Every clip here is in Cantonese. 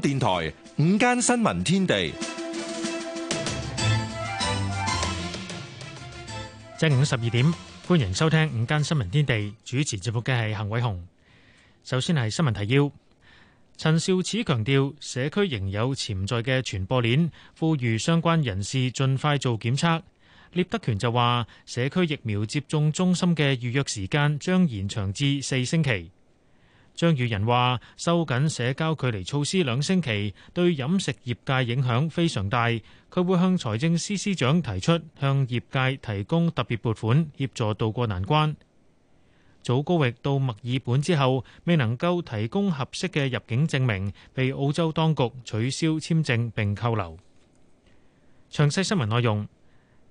電台午間新聞天地，正午十二點，歡迎收聽午間新聞天地。主持節目嘅係陳偉雄。首先係新聞提要：陳肇始強調社區仍有潛在嘅傳播鏈，呼籲相關人士盡快做檢測。聶德權就話，社區疫苗接種中心嘅預約時間將延長至四星期。張宇人話：收緊社交距離措施兩星期，對飲食業界影響非常大。佢會向財政司司長提出向業界提供特別撥款，協助渡過難關。祖高域到墨爾本之後，未能夠提供合適嘅入境證明，被澳洲當局取消簽證並扣留。詳細新聞內容。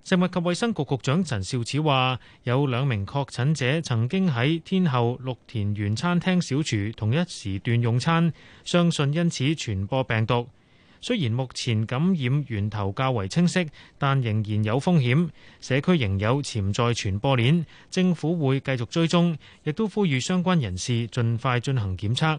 食物及衛生局局長陳肇始話：有兩名確診者曾經喺天后綠田園餐廳小廚同一時段用餐，相信因此傳播病毒。雖然目前感染源頭較為清晰，但仍然有風險，社區仍有潛在傳播鏈。政府會繼續追蹤，亦都呼籲相關人士盡快進行檢測。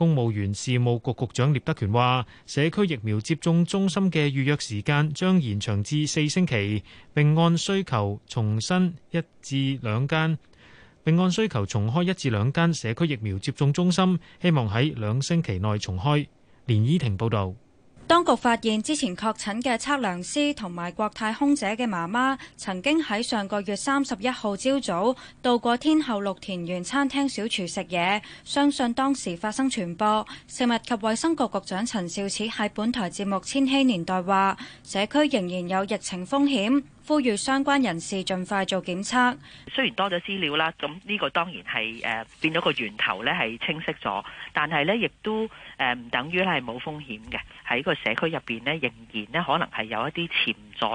公務員事務局局長聶德權話：社區疫苗接種中心嘅預約時間將延長至四星期，並按需求重新一至兩間，並按需求重開一至兩間社區疫苗接種中心，希望喺兩星期內重開。連依婷報道。當局發現之前確診嘅測量師同埋國泰空姐嘅媽媽曾經喺上個月三十一號朝早到過天后綠田園餐廳小廚食嘢，相信當時發生傳播。食物及衛生局局長陳肇始喺本台節目《千禧年代》話：社區仍然有疫情風險。呼籲相關人士盡快做檢測。雖然多咗資料啦，咁呢個當然係誒、呃、變咗個源頭咧係清晰咗，但係咧亦都誒唔、呃、等於係冇風險嘅。喺個社區入邊咧，仍然咧可能係有一啲潛在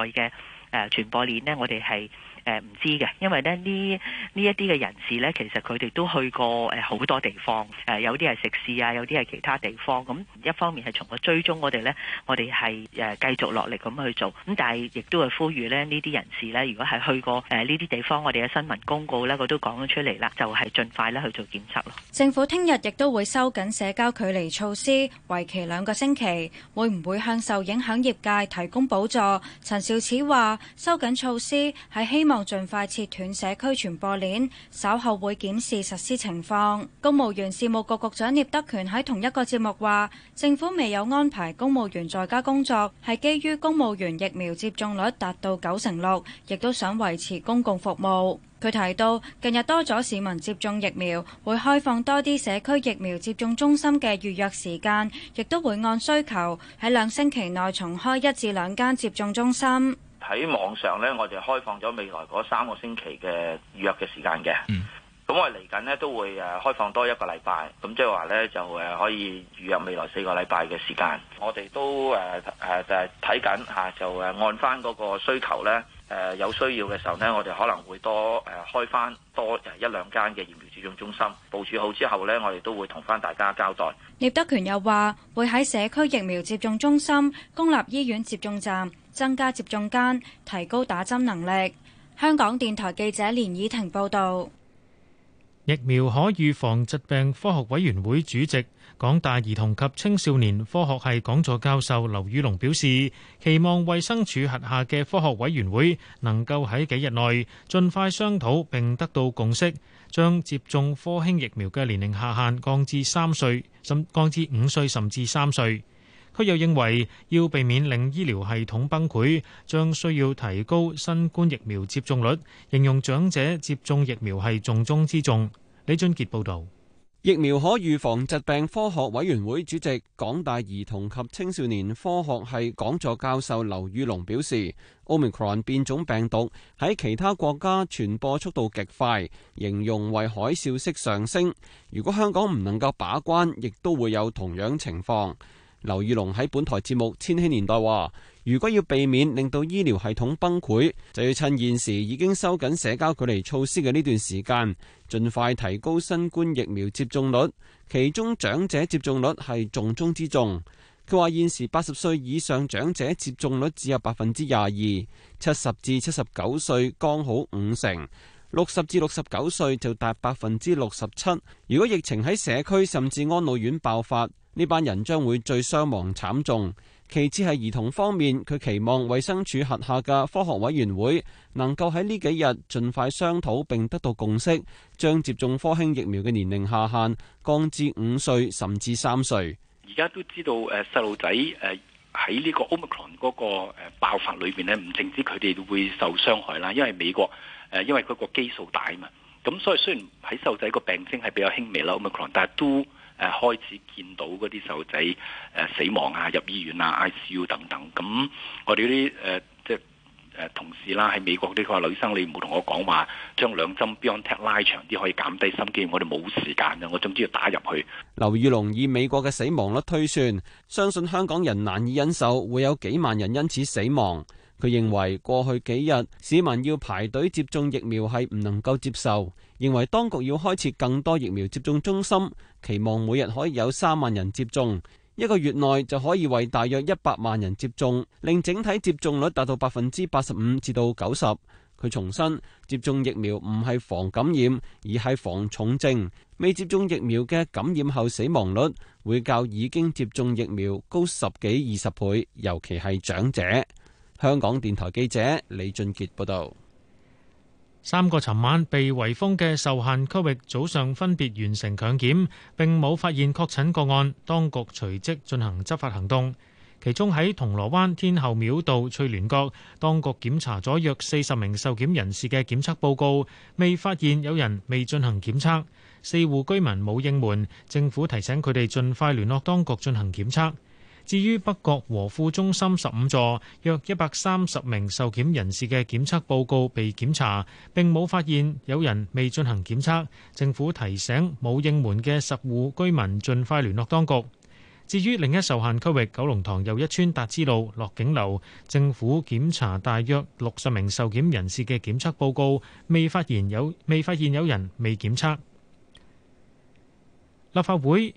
嘅誒傳播鏈咧，我哋係。誒唔知嘅，因為呢呢一啲嘅人士咧，其實佢哋都去過誒好多地方，誒、呃、有啲係食肆啊，有啲係其他地方。咁一方面係從個追蹤我，我哋呢我哋係誒繼續落力咁去做。咁但係亦都係呼籲咧，呢啲人士呢如果係去過誒呢啲地方，我哋嘅新聞公告呢，我都講咗出嚟啦，就係、是、盡快咧去做檢測咯。政府聽日亦都會收緊社交距離措施，為期兩個星期。會唔會向受影響業界提供補助？陳肇始話：收緊措施係希望。望盡快切斷社區傳播鏈，稍後會檢視實施情況。公務員事務局局長聶德權喺同一個節目話，政府未有安排公務員在家工作，係基於公務員疫苗接種率達到九成六，亦都想維持公共服務。佢提到，近日多咗市民接種疫苗，會開放多啲社區疫苗接種中心嘅預約時間，亦都會按需求喺兩星期內重開一至兩間接種中心。喺網上咧，我哋開放咗未來嗰三個星期嘅預約嘅時間嘅。咁、嗯、我嚟緊呢，都會誒開放多一個禮拜，咁即係話咧就誒可以預約未來四個禮拜嘅時間。我哋都誒誒就係睇緊嚇，就誒按翻嗰個需求咧誒、啊、有需要嘅時候呢，我哋可能會多誒、啊、開翻多一兩間嘅疫苗接種中心，部署好之後咧，我哋都會同翻大家交代。聶德權又話會喺社區疫苗接種中心、公立醫院接種站。增加接種間，提高打針能力。香港電台記者連以婷報導，疫苗可預防疾病科學委員會主席、港大兒童及青少年科學系講座教授劉宇龍表示，期望衛生署轄下嘅科學委員會能夠喺幾日內盡快商討並得到共識，將接種科興疫苗嘅年齡下限降至三歲，甚降至五歲，歲，甚至三歲。佢又認為要避免令醫療系統崩潰，將需要提高新冠疫苗接種率，形容長者接種疫苗係重中之重。李俊傑報導，疫苗可預防疾病科學委員會主席、港大兒童及青少年科學系講座教授劉宇隆表示，Omicron 變種病毒喺其他國家傳播速度極快，形容為海嘯式上升。如果香港唔能夠把關，亦都會有同樣情況。劉宇隆喺本台節目《千禧年代》話，如果要避免令到醫療系統崩潰，就要趁現時已經收緊社交距離措施嘅呢段時間，盡快提高新冠疫苗接種率，其中長者接種率係重中之重。佢話現時八十歲以上長者接種率只有百分之廿二，七十至七十九歲剛好五成，六十至六十九歲就達百分之六十七。如果疫情喺社區甚至安老院爆發，呢班人將會最傷亡慘重，其次係兒童方面，佢期望衛生署轄下嘅科學委員會能夠喺呢幾日盡快商討並得到共識，將接種科興疫苗嘅年齡下限降至五歲甚至三歲。而家都知道，誒細路仔喺呢個奧密克戎嗰個誒爆發裏邊咧，唔淨止佢哋會受傷害啦，因為美國誒、呃、因為佢個基數大嘛，咁所以雖然喺細路仔個病徵係比較輕微啦，奧密克戎，但係都，誒開始見到嗰啲細路仔誒死亡啊，入醫院啊，ICU 等等。咁我哋啲誒即係誒同事啦，喺美國啲佢話：醫生你唔好同我講話，將兩針 Biontech 拉長啲可以減低心肌，我哋冇時間㗎。我總之要打入去。劉宇龍以美國嘅死亡率推算，相信香港人難以忍受，會有幾萬人因此死亡。佢認為過去幾日市民要排隊接種疫苗係唔能夠接受。認為當局要開設更多疫苗接種中心，期望每日可以有三萬人接種，一個月內就可以為大約一百萬人接種，令整體接種率達到百分之八十五至到九十。佢重申，接種疫苗唔係防感染，而係防重症。未接種疫苗嘅感染後死亡率會較已經接種疫苗高十幾、二十倍，尤其係長者。香港電台記者李俊杰報道。三個尋晚被圍封嘅受限區域早上分別完成強檢，並冇發現確診個案。當局隨即進行執法行動，其中喺銅鑼灣天后廟道翠聯閣，當局檢查咗約四十名受檢人士嘅檢測報告，未發現有人未進行檢測。四戶居民冇應門，政府提醒佢哋盡快聯絡當局進行檢測。至於北角和富中心十五座，約一百三十名受檢人士嘅檢測報告被檢查，並冇發現有人未進行檢測。政府提醒冇應門嘅十戶居民，盡快聯絡當局。至於另一受限區域九龍塘又一村達之路落景樓，政府檢查大約六十名受檢人士嘅檢測報告，未發現有未發現有人未檢測。立法會。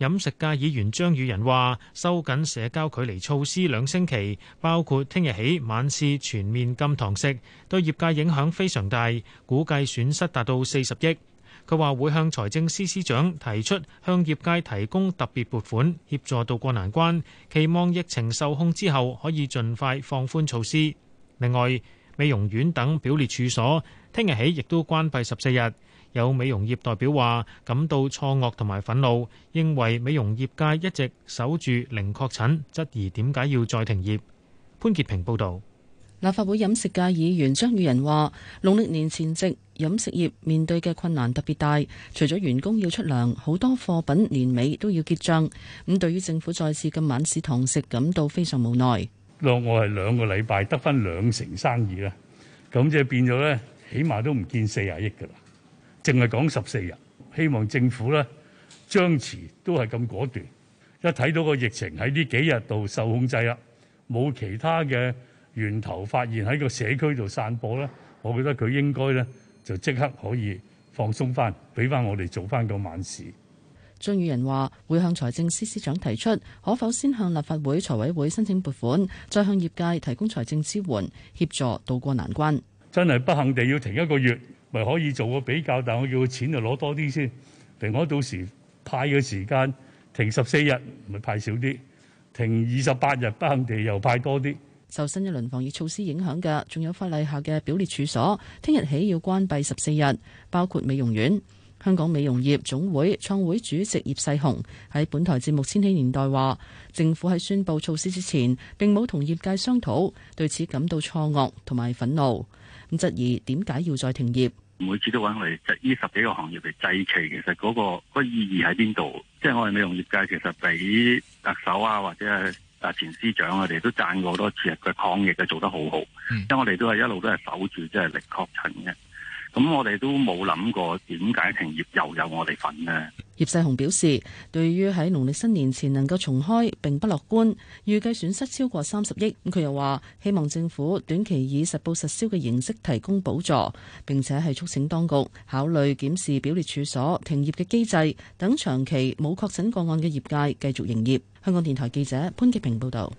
飲食界議員張宇人話：收緊社交距離措施兩星期，包括聽日起晚市全面禁堂食，對業界影響非常大，估計損失達到四十億。佢話會向財政司司長提出向業界提供特別撥款協助渡過難關，期望疫情受控之後可以盡快放寬措施。另外，美容院等表列處所，聽日起亦都關閉十四日。有美容業代表話感到錯愕同埋憤怒，認為美容業界一直守住零確診，質疑點解要再停業。潘潔平報導。立法會飲食界議員張宇人話，農曆年前夕飲食業面對嘅困難特別大，除咗員工要出糧，好多貨品年尾都要結帳。咁對於政府再次禁晚市堂食，感到非常無奈。我係兩個禮拜得翻兩成生意啦，咁即係變咗呢，起碼都唔見四十億㗎啦。淨係講十四日，希望政府咧將持都係咁果斷。一睇到個疫情喺呢幾日度受控制啦，冇其他嘅源頭發現喺個社區度散播咧，我覺得佢應該咧就即刻可以放鬆翻，俾翻我哋做翻個晚市。張宇人話：會向財政司司長提出，可否先向立法會財委會申請撥款，再向業界提供財政支援，協助渡過難關。真係不幸地要停一個月。咪可以做個比較，但我要錢就攞多啲先。另外到時派嘅時間停十四日，咪派少啲；停二十八日，不幸地又派多啲。受新一輪防疫措施影響嘅，仲有法例下嘅表列處所，聽日起要關閉十四日，包括美容院。香港美容業總會創會主席葉世雄喺本台節目《千禧年代》話：政府喺宣布措施之前並冇同業界商討，對此感到錯愕同埋憤怒咁質疑點解要再停業。每次都揾我嚟，呢十幾個行業嚟祭旗，其實嗰個嗰意義喺邊度？即係我哋美容業界，其實俾特首啊或者係啊前司長我哋都讚過好多次，佢抗疫嘅做得好好，因為、嗯、我哋都係一路都係守住，即係零確診嘅。咁我哋都冇諗過點解停業又有我哋份呢？葉世雄表示，對於喺農曆新年前能夠重開，並不樂觀，預計損失超過三十億。佢又話希望政府短期以實報實銷嘅形式提供補助，並且係促請當局考慮檢視表列處所停業嘅機制等，長期冇確診個案嘅業界繼續營業。香港電台記者潘潔平報道。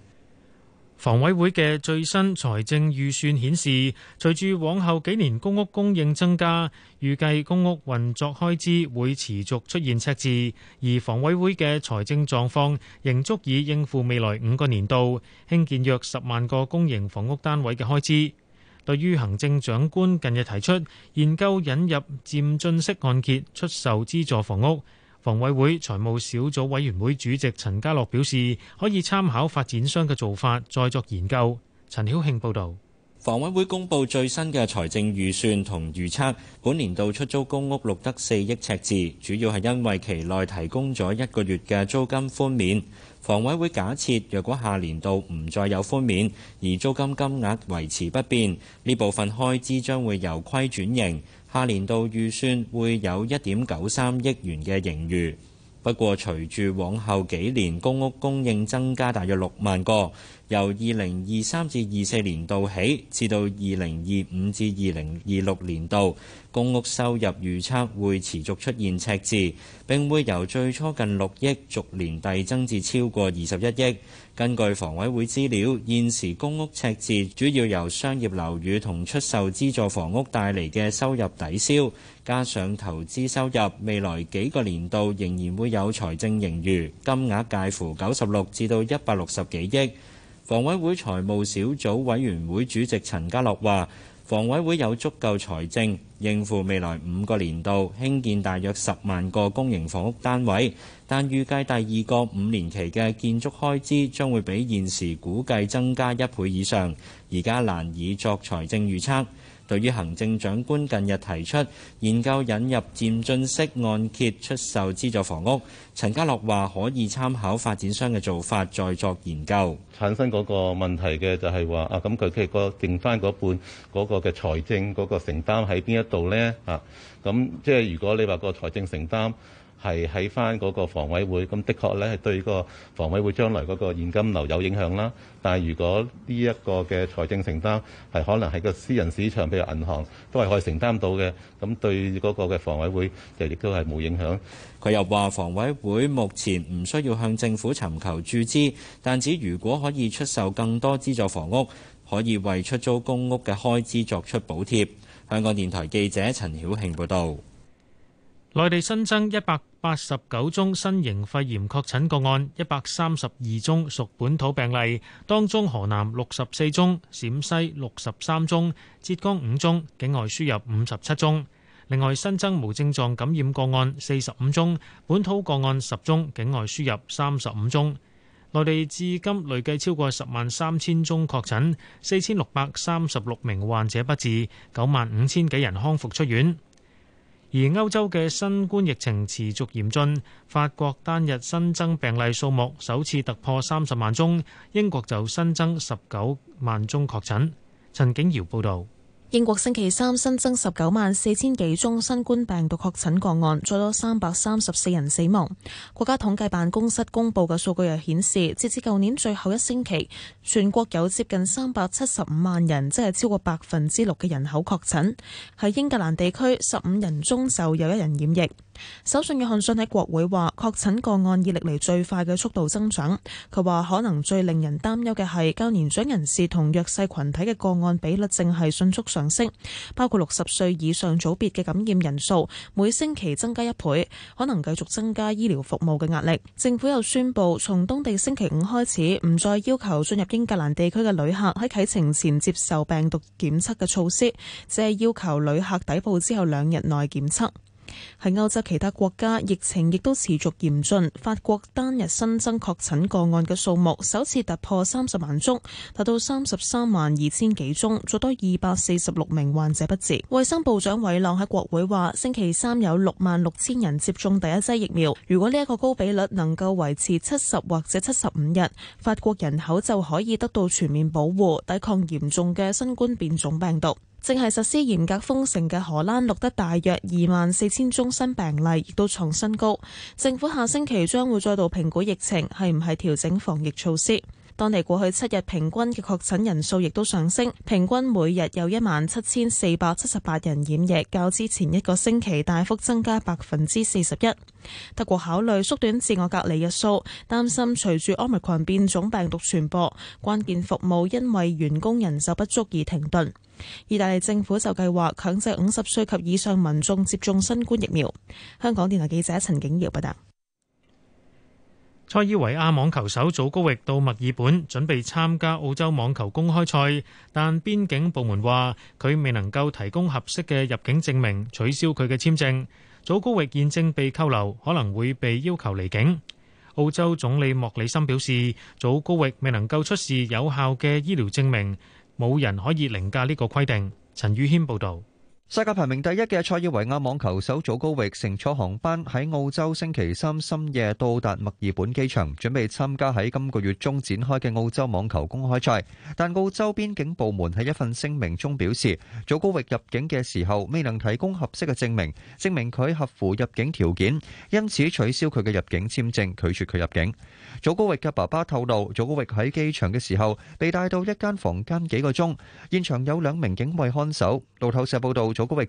房委會嘅最新財政預算顯示，隨住往後幾年公屋供應增加，預計公屋運作開支會持續出現赤字，而房委會嘅財政狀況仍足以應付未來五個年度興建約十萬個公營房屋單位嘅開支。對於行政長官近日提出研究引入漸進式按揭出售資助房屋。房委會財務小組委員會主席陳家樂表示，可以參考發展商嘅做法，再作研究。陳曉慶報導，房委會公布最新嘅財政預算同預測，本年度出租公屋錄得四億赤字，主要係因為期內提供咗一個月嘅租金寬免。房委會假設若果下年度唔再有寬免，而租金金額維持不變，呢部分開支將會由虧轉盈。下年度預算會有一點九三億元嘅盈餘，不過隨住往後幾年公屋供應增加，大約六萬個，由二零二三至二四年度起，至到二零二五至二零二六年度，公屋收入預測會持續出現赤字，並會由最初近六億逐年遞增至超過二十一億。根據房委會資料，現時公屋赤字主要由商業樓宇同出售資助房屋帶嚟嘅收入抵消，加上投資收入，未來幾個年度仍然會有財政盈餘，金額介乎九十六至到一百六十幾億。房委會財務小組委員會主席陳家樂話。房委會有足夠財政應付未來五個年度興建大約十萬個公營房屋單位，但預計第二個五年期嘅建築開支將會比現時估計增加一倍以上，而家難以作財政預測。對於行政長官近日提出研究引入漸進式按揭出售資助房屋，陳家樂話可以參考發展商嘅做法再作研究。產生嗰個問題嘅就係話啊，咁佢其實剩翻嗰半嗰個嘅財政嗰個承擔喺邊一度呢？啊？咁即係如果你話個財政承擔，係喺翻嗰個房委會，咁的確咧係對個房委會將來嗰個現金流有影響啦。但係如果呢一個嘅財政承擔係可能係個私人市場，譬如銀行都係可以承擔到嘅，咁對嗰個嘅房委會就亦都係冇影響。佢又話房委會目前唔需要向政府尋求注資，但只如果可以出售更多資助房屋，可以為出租公屋嘅開支作出補貼。香港電台記者陳曉慶報道。內地新增一百八十九宗新型肺炎確診個案，一百三十二宗屬本土病例，當中河南六十四宗，陝西六十三宗，浙江五宗，境外輸入五十七宗。另外新增無症狀感染個案四十五宗，本土個案十宗，境外輸入三十五宗。內地至今累計超過十萬三千宗確診，四千六百三十六名患者不治，九萬五千幾人康復出院。而歐洲嘅新冠疫情持續嚴峻，法國單日新增病例數目首次突破三十萬宗，英國就新增十九萬宗確診，陳景堯報道。英國星期三新增十九萬四千幾宗新冠病毒確診個案，再多三百三十四人死亡。國家統計辦公室公布嘅數據又顯示，截至舊年最後一星期，全國有接近三百七十五萬人，即係超過百分之六嘅人口確診。喺英格蘭地區，十五人中就有一人染疫。首相約翰遜喺國會話，確診個案以歷嚟最快嘅速度增長。佢話，可能最令人擔憂嘅係，較年長人士同弱勢群體嘅個案比率正係迅速上升，包括六十歲以上組別嘅感染人數每星期增加一倍，可能繼續增加醫療服務嘅壓力。政府又宣布，從當地星期五開始，唔再要求進入英格蘭地區嘅旅客喺啟程前接受病毒檢測嘅措施，只係要求旅客抵埗之後兩日內檢測。喺歐洲其他國家，疫情亦都持續嚴峻。法國單日新增確診個案嘅數目首次突破三十萬宗，達到三十三萬二千幾宗，再多二百四十六名患者不治。衛生部長韋朗喺國會話，星期三有六萬六千人接種第一劑疫苗。如果呢一個高比率能夠維持七十或者七十五日，法國人口就可以得到全面保護，抵抗嚴重嘅新冠變種病毒。正係實施嚴格封城嘅荷蘭錄得大約二萬四千宗新病例，亦都創新高。政府下星期將會再度評估疫情，係唔係調整防疫措施。當地過去七日平均嘅確診人數亦都上升，平均每日有一萬七千四百七十八人染疫，較之前一個星期大幅增加百分之四十一。德國考慮縮短自我隔離日數，擔心隨住奧密克戎變種病毒傳播，關鍵服務因為員工人手不足而停頓。意大利政府就計劃強制五十歲及以上民眾接種新冠疫苗。香港電台記者陳景耀報道。塞爾維亞網球手祖高域到墨爾本準備參加澳洲網球公開賽，但邊境部門話佢未能夠提供合適嘅入境證明，取消佢嘅簽證。祖高域現正被扣留，可能會被要求離境。澳洲總理莫里森表示，祖高域未能夠出示有效嘅醫療證明，冇人可以凌駕呢個規定。陳宇謙報道。世界排名第一嘅塞爾維亞網球手祖高域乘坐航班喺澳洲星期三深夜到達墨爾本機場，準備參加喺今個月中展開嘅澳洲網球公開賽。但澳洲邊境部門喺一份聲明中表示，祖高域入境嘅時候未能提供合適嘅證明，證明佢合乎入境條件，因此取消佢嘅入境簽證，拒絕佢入境。祖高域嘅爸爸透露，祖高域喺機場嘅時候被帶到一間房間幾個鐘，現場有兩名警衛看守。路透社報道，祖高域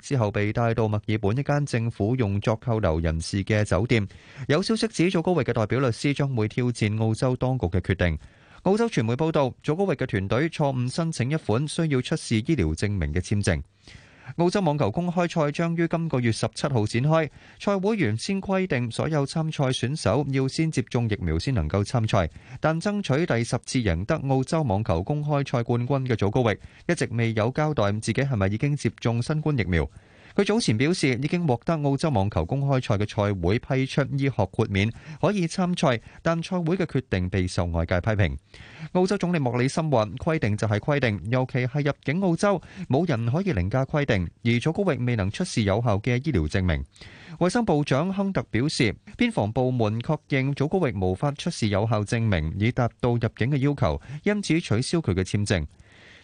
澳洲網球公開賽將於今個月十七號展開，賽會原先規定所有參賽選手要先接種疫苗先能夠參賽，但爭取第十次贏得澳洲網球公開賽冠軍嘅祖高域，一直未有交代自己係咪已經接種新冠疫苗。佢早前表示已經獲得澳洲網球公開賽嘅賽會批出醫學豁免，可以參賽，但賽會嘅決定備受外界批評。澳洲總理莫里森話：規定就係規定，尤其係入境澳洲，冇人可以凌駕規定。而祖高域未能出示有效嘅醫療證明，衛生部長亨特表示，邊防部門確認祖高域無法出示有效證明以達到入境嘅要求，因此取消佢嘅簽證。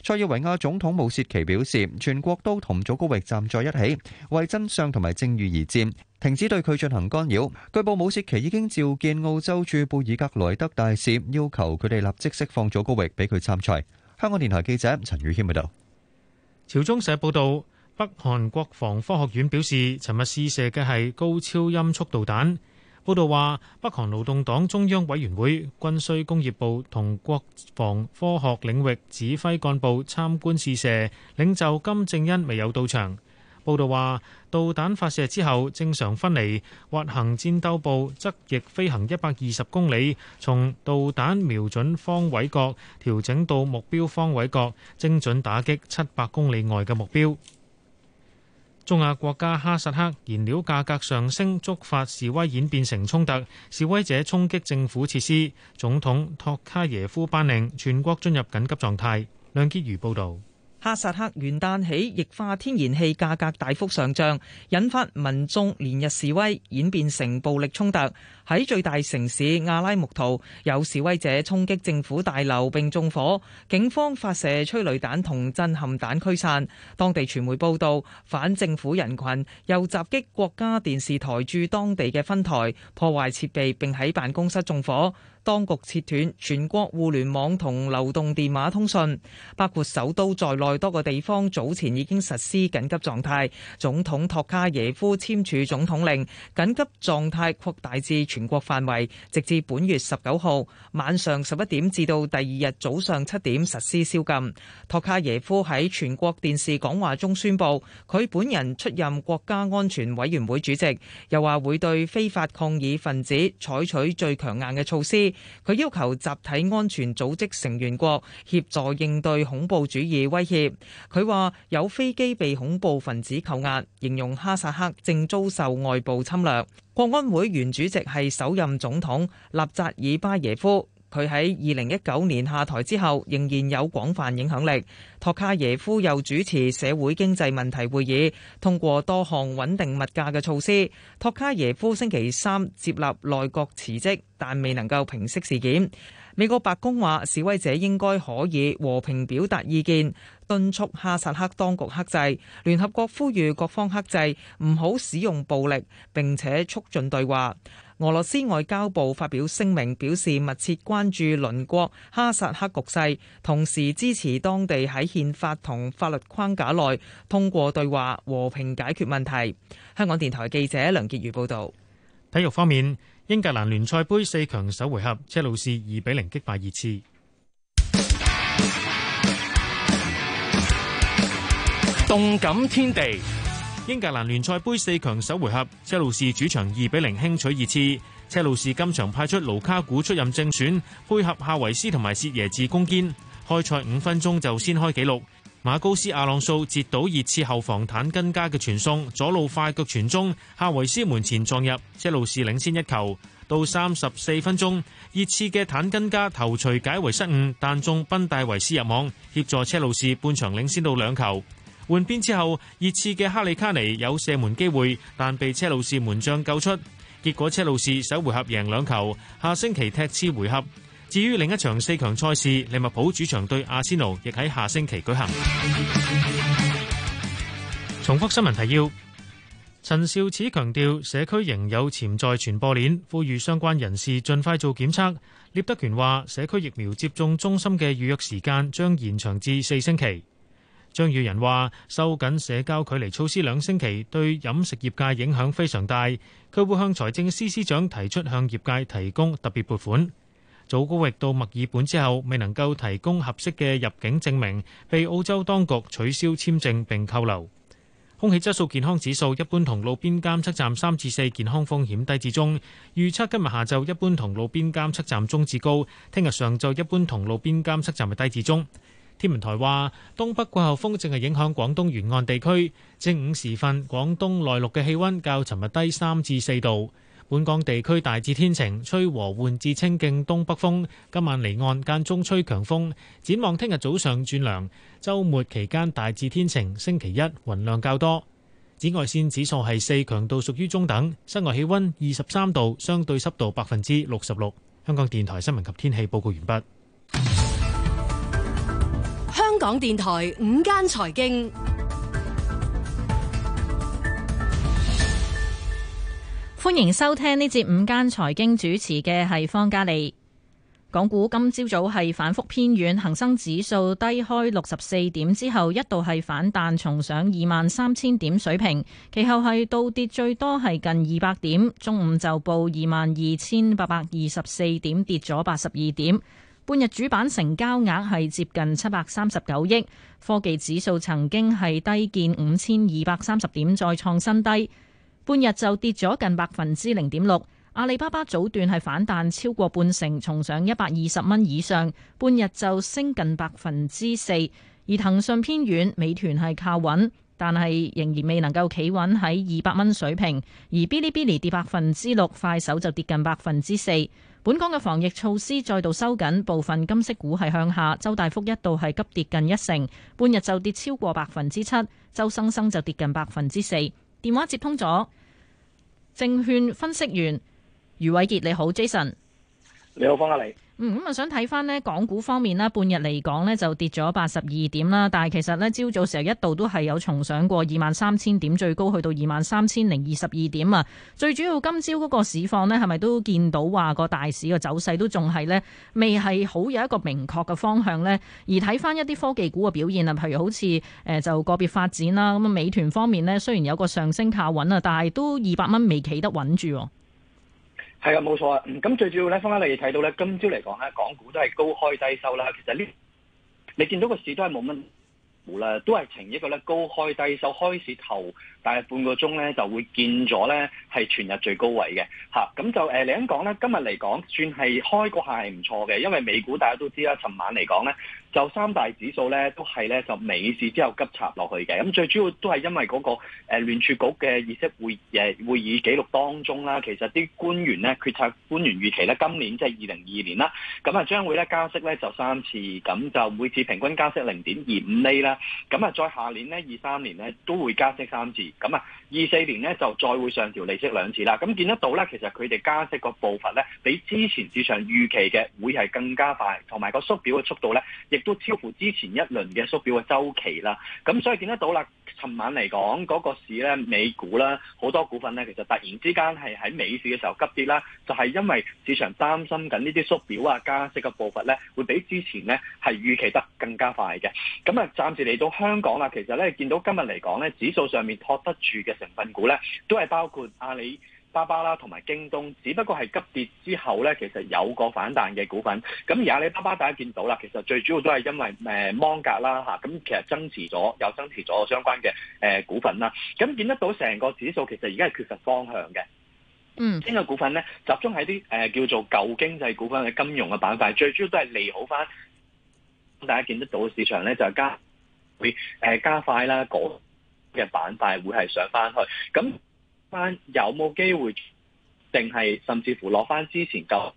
塞爾維亞總統武切奇表示，全國都同祖高域站在一起，為真相同埋正義而戰，停止對佢進行干擾。據報武切奇已經召見澳洲駐貝爾格萊德大使，要求佢哋立即釋放祖高域俾佢參賽。香港電台記者陳宇謙報道。朝中社報道，北韓國防科學院表示，尋日試射嘅係高超音速導彈。報道話，北韓勞動黨中央委員會軍需工業部同國防科學領域指揮幹部參觀試射，領袖金正恩未有到場。報道話，導彈發射之後正常分離，滑行戰鬥部側翼飛行一百二十公里，從導彈瞄準方位角調整到目標方位角，精準打擊七百公里外嘅目標。中亞國家哈薩克燃料價格上升觸發示威演變成衝突，示威者衝擊政府設施，總統托卡耶夫頒令全國進入緊急狀態。梁潔如報導，哈薩克元旦起液化天然氣價格大幅上漲，引發民眾連日示威，演變成暴力衝突。喺最大城市阿拉木圖，有示威者衝擊政府大樓並縱火，警方發射催淚彈同震撼彈驅散。當地傳媒報道，反政府人群又襲擊國家電視台駐當地嘅分台，破壞設備並喺辦公室縱火。當局切斷全國互聯網同流動電話通訊，包括首都在內多個地方早前已經實施緊急狀態，總統托卡耶夫簽署總統令，緊急狀態擴大至全全國範圍，直至本月十九號晚上十一點至到第二日早上七點實施宵禁。托卡耶夫喺全國電視講話中宣布，佢本人出任國家安全委員會主席，又話會對非法抗議分子採取最強硬嘅措施。佢要求集體安全組織成員國協助應對恐怖主義威脅。佢話有飛機被恐怖分子扣押，形容哈薩克正遭受外部侵略。國安會原主席係首任總統納扎爾巴耶夫，佢喺二零一九年下台之後仍然有廣泛影響力。托卡耶夫又主持社會經濟問題會議，通過多項穩定物價嘅措施。托卡耶夫星期三接納內閣辭職，但未能夠平息事件。美國白宮話，示威者應該可以和平表達意見。敦促哈薩克當局克制，聯合國呼籲各方克制，唔好使用暴力，並且促進對話。俄羅斯外交部發表聲明，表示密切關注鄰國哈薩克局勢，同時支持當地喺憲法同法律框架內通過對話和平解決問題。香港電台記者梁潔如報導。體育方面，英格蘭聯賽杯四強首回合，車路士二比零擊敗熱刺。動感天地，英格蘭聯賽杯四強首回合，車路士主場二比零輕取熱刺。車路士今場派出盧卡古出任正選，配合夏維斯同埋薛耶治攻堅。開賽五分鐘就先開紀錄，馬高斯阿朗素截到熱刺後防坦根加嘅傳送，左路快腳傳中，夏維斯門前撞入，車路士領先一球。到三十四分鐘，熱刺嘅坦根加頭錘解圍失誤，彈中賓戴維斯入網，協助車路士半場領先到兩球。換邊之後，熱刺嘅哈利卡尼有射門機會，但被車路士門將救出。結果車路士首回合贏兩球，下星期踢次回合。至於另一場四強賽事，利物浦主場對阿仙奴，亦喺下星期舉行。重複新聞提要：陳肇始強調社區仍有潛在傳播鏈，呼籲相關人士盡快做檢測。聶德權話社區疫苗接種中心嘅預約時間將延長至四星期。張宇人話：收緊社交距離措施兩星期，對飲食業界影響非常大。佢會向財政司司長提出向業界提供特別撥款。祖高域到墨爾本之後，未能夠提供合適嘅入境證明，被澳洲當局取消簽證並扣留。空氣質素健康指數一般同路邊監測站三至四，健康風險低至中。預測今日下晝一般同路邊監測站中至高，聽日上晝一般同路邊監測站係低至中。天文台話，東北季候風正係影響廣東沿岸地區。正午時分，廣東內陸嘅氣温較尋日低三至四度。本港地區大致天晴，吹和緩至清勁東北風。今晚離岸間中吹強風。展望聽日早上轉涼，週末期間大致天晴，星期一雲量較多。紫外線指數係四，強度屬於中等。室外氣温二十三度，相對濕度百分之六十六。香港電台新聞及天氣報告完畢。香港電台午間財經，歡迎收聽呢節午間財經主持嘅係方嘉利。港股今朝早係反覆偏軟，恒生指數低開六十四點之後一度係反彈重上二萬三千點水平，其後係倒跌最多係近二百點，中午就報二萬二千八百二十四點，跌咗八十二點。半日主板成交額係接近七百三十九億，科技指數曾經係低見五千二百三十點，再創新低，半日就跌咗近百分之零點六。阿里巴巴早段係反彈超過半成，重上一百二十蚊以上，半日就升近百分之四。而騰訊偏軟，美團係靠穩，但係仍然未能夠企穩喺二百蚊水平。而 Bilibili 跌百分之六，快手就跌近百分之四。本港嘅防疫措施再度收緊，部分金色股係向下，周大福一度係急跌近一成，半日就跌超過百分之七，周生生就跌近百分之四。電話接通咗，證券分析員余偉杰你好，Jason，你好方家利。嗯，咁啊想睇翻呢港股方面呢，半日嚟講呢就跌咗八十二點啦。但係其實呢，朝早時候一度都係有重上過二萬三千點，最高去到二萬三千零二十二點啊。最主要今朝嗰個市況呢，係咪都見到話個大市個走勢都仲係呢？未係好有一個明確嘅方向呢。而睇翻一啲科技股嘅表現啊，譬如好似誒就個別發展啦，咁啊美團方面呢，雖然有個上升靠穩啊，但係都二百蚊未企得穩住。係啊，冇錯啊。咁最主要咧，方家你睇到咧，今朝嚟講咧，港股都係高開低收啦。其實呢，你見到個市都係冇乜啦，都係呈一個咧高開低收，開市頭。大約半個鐘咧就會見咗咧，係全日最高位嘅嚇。咁、啊、就誒，你啱講咧，今日嚟講算係開個下係唔錯嘅，因為美股大家都知啦。尋晚嚟講咧，就三大指數咧都係咧就尾市之後急插落去嘅。咁、嗯、最主要都係因為嗰、那個誒、呃、聯儲局嘅議息會議記錄當中啦，其實啲官員咧決策官員預期咧今年即係二零二二年啦，咁啊將會咧加息咧就三次，咁就每次平均加息零點二五厘啦。咁啊再下年咧二三年咧都會加息三次。咁啊，二四年咧就再會上調利息兩次啦。咁見得到咧，其實佢哋加息個步伐咧，比之前市場預期嘅會係更加快，同埋個縮表嘅速度咧，亦都超乎之前一輪嘅縮表嘅週期啦。咁所以見得到啦。尋晚嚟講嗰個市咧，美股啦好多股份咧，其實突然之間係喺美市嘅時候急跌啦，就係因為市場擔心緊呢啲縮表啊加息嘅步伐咧，會比之前咧係預期得更加快嘅。咁啊，暫時嚟到香港啦，其實咧見到今日嚟講咧，指數上面托得住嘅成分股咧，都係包括阿里巴巴啦同埋京東，只不過係急跌之後咧，其實有個反彈嘅股份。咁而阿里巴巴大家見到啦，其實最主要都係因為誒芒格啦嚇，咁其實增持咗，又增持咗相關嘅誒股份啦。咁見得到成個指數其實而家係缺乏方向嘅。嗯，呢個股份咧集中喺啲誒叫做舊經濟股份嘅金融嘅板塊，最主要都係利好翻。大家見得到嘅市場咧就係加會誒加快啦，嗰個板塊會係上翻去咁。翻有冇機會，定係甚至乎落返之前嗰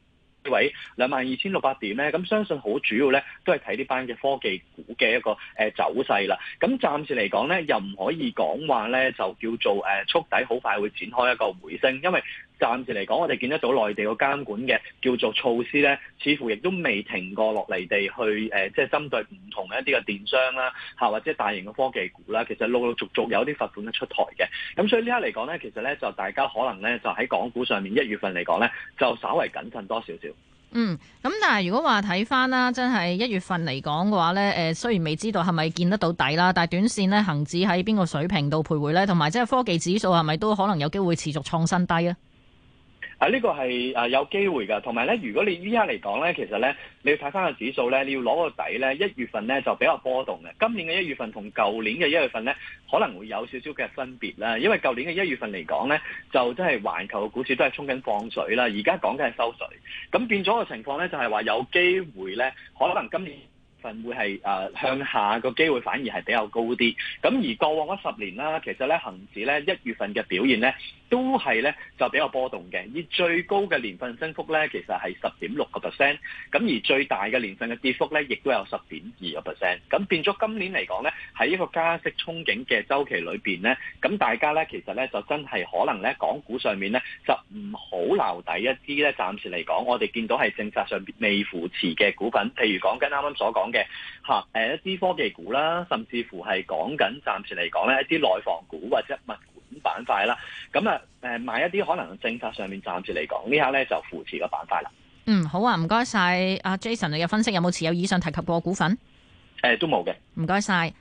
位兩萬二千六百點咧？咁相信好主要咧，都係睇呢班嘅科技股嘅一個誒走勢啦。咁暫時嚟講咧，又唔可以講話咧，就叫做誒觸底，好快會展開一個回升，因為。暫時嚟講，我哋見得到內地個監管嘅叫做措施咧，似乎亦都未停過落嚟，地去誒、呃，即係針對唔同一啲嘅電商啦，嚇、啊、或者大型嘅科技股啦。其實陸陸續續有啲罰款咧出台嘅。咁、嗯、所以呢一刻嚟講咧，其實咧就大家可能咧就喺港股上面一月份嚟講咧，就稍為謹慎多少少。嗯，咁但係如果話睇翻啦，真係一月份嚟講嘅話咧，誒、呃、雖然未知道係咪見得到底啦，但係短線咧恆指喺邊個水平度徘徊咧，同埋即係科技指數係咪都可能有機會持續創新低啊？啊！呢，這個係啊有機會㗎，同埋咧，如果你依家嚟講咧，其實咧你要睇翻個指數咧，你要攞個底咧，一月份咧就比較波動嘅。今年嘅一月份同舊年嘅一月份咧，可能會有少少嘅分別啦，因為舊年嘅一月份嚟講咧，就真係環球嘅股市都係衝緊放水啦，而家講緊係收水，咁變咗個情況咧，就係、是，話有機會咧，可能今年份會係誒、呃、向下個機會反而係比較高啲，咁而過往嗰十年啦，其實咧恆指咧一月份嘅表現咧都係咧就比較波動嘅，以最高嘅年份升幅咧其實係十點六個 percent，咁而最大嘅年份嘅跌幅咧亦都有十點二個 percent，咁變咗今年嚟講咧喺一個加息憧憬嘅周期裏邊咧，咁大家咧其實咧就真係可能咧港股上面咧就唔好留底一啲咧暫時嚟講，我哋見到係政策上未扶持嘅股份，譬如講緊啱啱所講。嘅嚇，誒、啊、一啲科技股啦，甚至乎係講緊，暫時嚟講咧一啲內房股或者物管板塊啦，咁啊誒買一啲可能政策上面暫時嚟講，呢下咧就扶持個板塊啦。嗯，好啊，唔該晒。阿 Jason，你嘅分析有冇持有以上提及過股份？誒、欸，都冇嘅。唔該晒。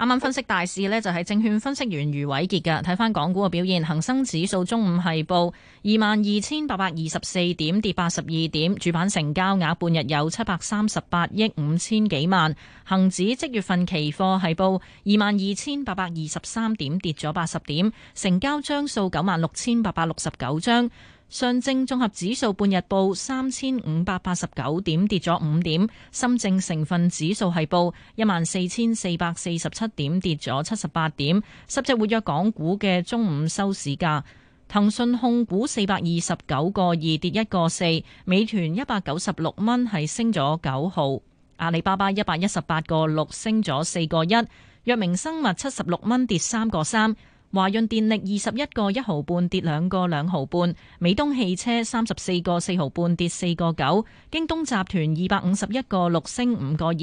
啱啱分析大市呢，就係證券分析員余偉杰嘅。睇翻港股嘅表現，恒生指數中午係報二萬二千八百二十四點，跌八十二點，主板成交額半日有七百三十八億五千幾萬。恒指即月份期貨係報二萬二千八百二十三點，跌咗八十點，成交張數九萬六千八百六十九張。上證綜合指數半日報三千五百八十九點，跌咗五點。深證成分指數係報一萬四千四百四十七點，跌咗七十八點。十隻活躍港股嘅中午收市價：騰訊控股四百二十九個二跌一個四，美團一百九十六蚊係升咗九毫，阿里巴巴一百一十八個六升咗四個一，藥明生物七十六蚊跌三個三。華潤電力二十一個一毫半跌兩個兩毫半，美東汽車三十四個四毫半跌四個九，京東集團二百五十一個六升五個二，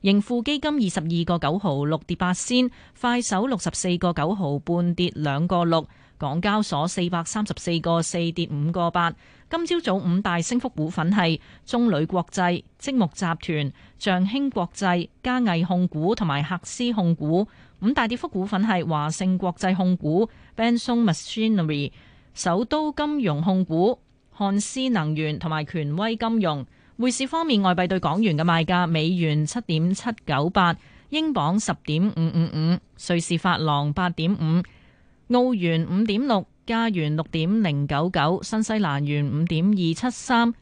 盈富基金二十二個九毫六跌八仙，快手六十四個九毫半跌兩個六，港交所四百三十四個四跌五個八。今朝早,早五大升幅股份係中旅國際、積木集團、象興國際、嘉藝控股同埋客思控股；五大跌幅股份係華盛國際控股、Benson Machinery、首都金融控股、漢斯能源同埋權威金融。匯市方面，外幣對港元嘅賣價：美元七點七九八，英鎊十點五五五，瑞士法郎八點五，澳元五點六。加元六點零九九，99, 新西蘭元五點二七三，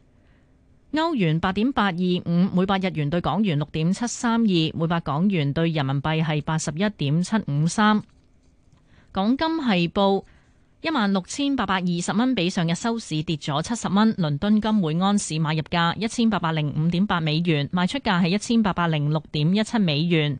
歐元八點八二五，每百日元對港元六點七三二，每百港元對人民幣係八十一點七五三。港金係報一萬六千八百二十蚊，16, 比上日收市跌咗七十蚊。倫敦金每安士買入價一千八百零五點八美元，賣出價係一千八百零六點一七美元。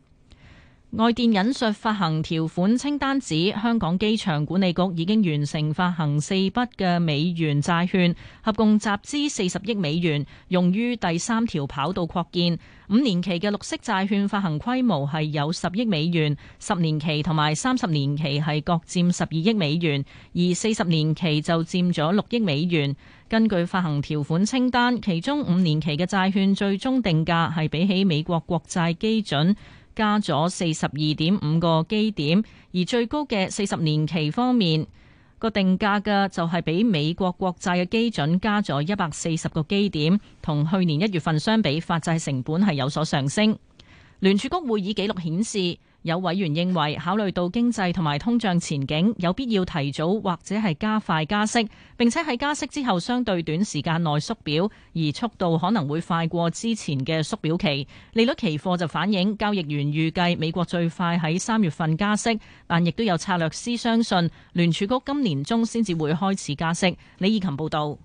外電引述發行條款清單指，香港機場管理局已經完成發行四筆嘅美元債券，合共集資四十億美元，用於第三條跑道擴建。五年期嘅綠色債券發行規模係有十億美元，十年期同埋三十年期係各佔十二億美元，而四十年期就佔咗六億美元。根據發行條款清單，其中五年期嘅債券最終定價係比起美國國債基準。加咗四十二點五個基點，而最高嘅四十年期方面個定價嘅就係比美國國債嘅基準加咗一百四十個基點，同去年一月份相比，發債成本係有所上升。聯儲局會議記錄顯示。有委員認為，考慮到經濟同埋通脹前景，有必要提早或者係加快加息，並且喺加息之後相對短時間內縮表，而速度可能會快過之前嘅縮表期。利率期貨就反映交易員預計美國最快喺三月份加息，但亦都有策略師相信聯儲局今年中先至會開始加息。李以琴報道。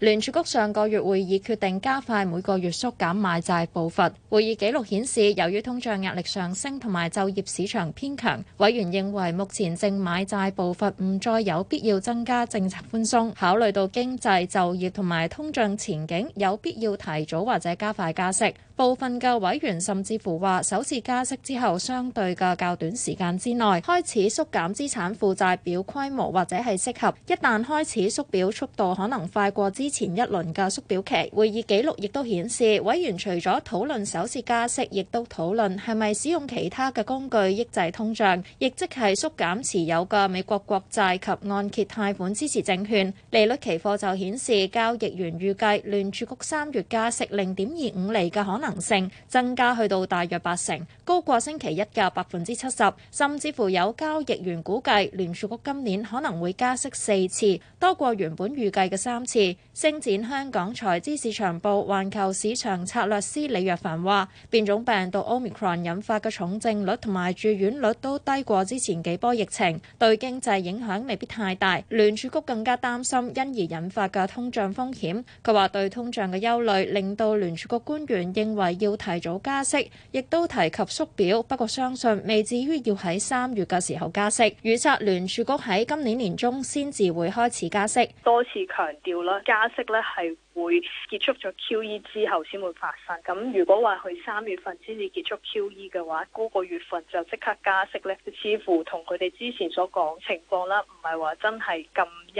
聯儲局上個月會議決定加快每個月縮減買債步伐。會議記錄顯示，由於通脹壓力上升同埋就業市場偏強，委員認為目前正買債步伐唔再有必要增加政策寬鬆。考慮到經濟、就業同埋通脹前景，有必要提早或者加快加息。部分嘅委員甚至乎話，首次加息之後，相對嘅較短時間之內開始縮減資產負債表規模，或者係適合。一旦開始縮表速度，可能快過之前一輪嘅縮表期。會議紀錄亦都顯示，委員除咗討論首次加息，亦都討論係咪使用其他嘅工具抑制通脹，亦即係縮減持有嘅美國國債及按揭貸款支持證券。利率期貨就顯示，交易員預計聯儲局三月加息零點二五厘嘅可能。成增加去到大約八成，高過星期一嘅百分之七十，甚至乎有交易員估計聯儲局今年可能會加息四次，多過原本預計嘅三次。星展香港財資市場部環球市場策略師李若凡話，變種病毒 omicron 引發嘅重症率同埋住院率都低過之前幾波疫情，對經濟影響未必太大。聯儲局更加擔心因而引發嘅通脹風險。佢話對通脹嘅憂慮令到聯儲局官員認。話要提早加息，亦都提及縮表，不過相信未至於要喺三月嘅時候加息。預測聯儲局喺今年年中先至會開始加息，多次強調啦，加息咧係。會結束咗 QE 之後先會發生。咁如果話佢三月份先至結束 QE 嘅話，嗰個月份就即刻加息呢，似乎同佢哋之前所講情況啦，唔係話真係咁一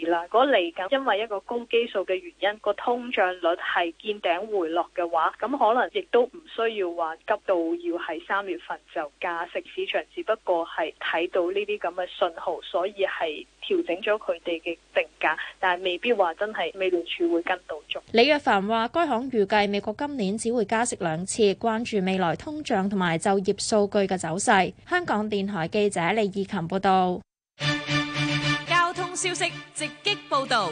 致啦。如果嚟緊因為一個高基數嘅原因，個通脹率係見頂回落嘅話，咁可能亦都唔需要話急到要喺三月份就加息。市場只不過係睇到呢啲咁嘅信號，所以係調整咗佢哋嘅定價，但係未必話真係美聯儲會跟。李若凡話，該行預計美國今年只會加息兩次，關注未來通脹同埋就業數據嘅走勢。香港電台記者李義琴報道。交通消息直擊報道。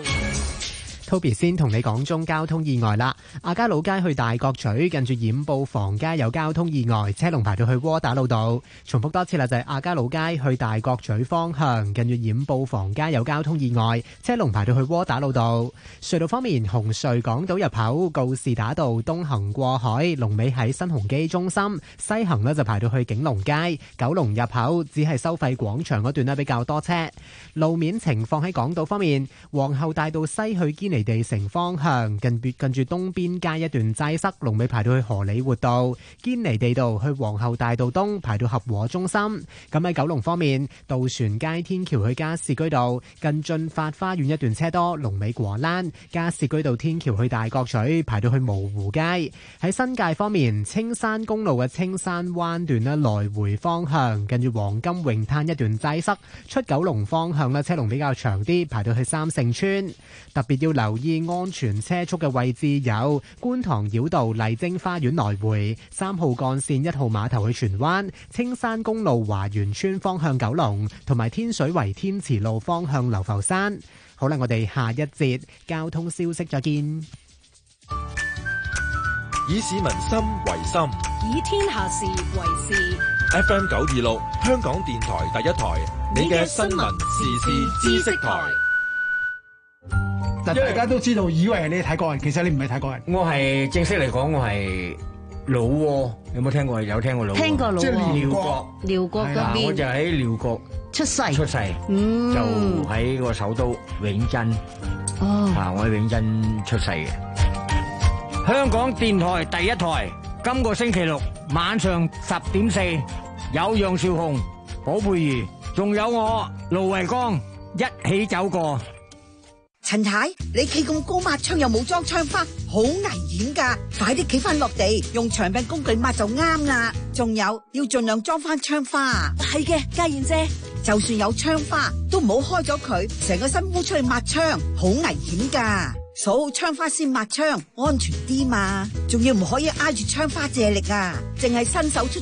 Toby 先同你講中交通意外啦，亞皆老街去大角咀近住染布房街有交通意外，車龍排到去窩打老道。重複多次啦，就係亞皆老街去大角咀方向近住染布房街有交通意外，車龍排到去窩打老道。隧道方面，紅隧港島入口告士打道東行過海，龍尾喺新鴻基中心；西行呢就排到去景隆街，九龍入口只係收費廣場嗰段呢比較多車。路面情況喺港島方面，皇后大道西去堅尼地城方向近邊近住東邊街一段擠塞，龍尾排到去荷里活道；堅尼地道去皇后大道東排到合和中心。咁喺九龍方面，渡船街天橋去加士居道，近駿發花園一段車多，龍尾果欄；加士居道天橋去大角咀排到去蕪湖街。喺新界方面，青山公路嘅青山灣段呢來回方向近住黃金泳灘一段擠塞，出九龍方向呢車龍比較長啲，排到去三聖村。特別要留。留意安全車速嘅位置有觀塘繞道麗晶花園來回、三號幹線一號碼頭去荃灣、青山公路華園村方向九龍同埋天水圍天慈路方向流浮山。好啦，我哋下一節交通消息再見。以市民心為心，以天下事為事。FM 九二六，香港電台第一台，你嘅新聞時事知識台。因為大家都知道，以為係你泰國人，其實你唔係泰國人。我係正式嚟講，我係老撾，你有冇聽過？有聽過老撾？聽過老即係寮國，寮國嗰邊。我就喺寮國出世，出世，就喺個首都永珍。哦，啊，我喺永珍出世嘅。香港電台第一台，今個星期六晚上十點四，有楊少雄、寶貝兒，仲有我盧維剛，一起走過。陳太，你企咁高抹窗又冇裝窗花？好危險㗎！快啲企返落地，用長柄工具抹就啱㗎！仲有，要盡量裝返窗花！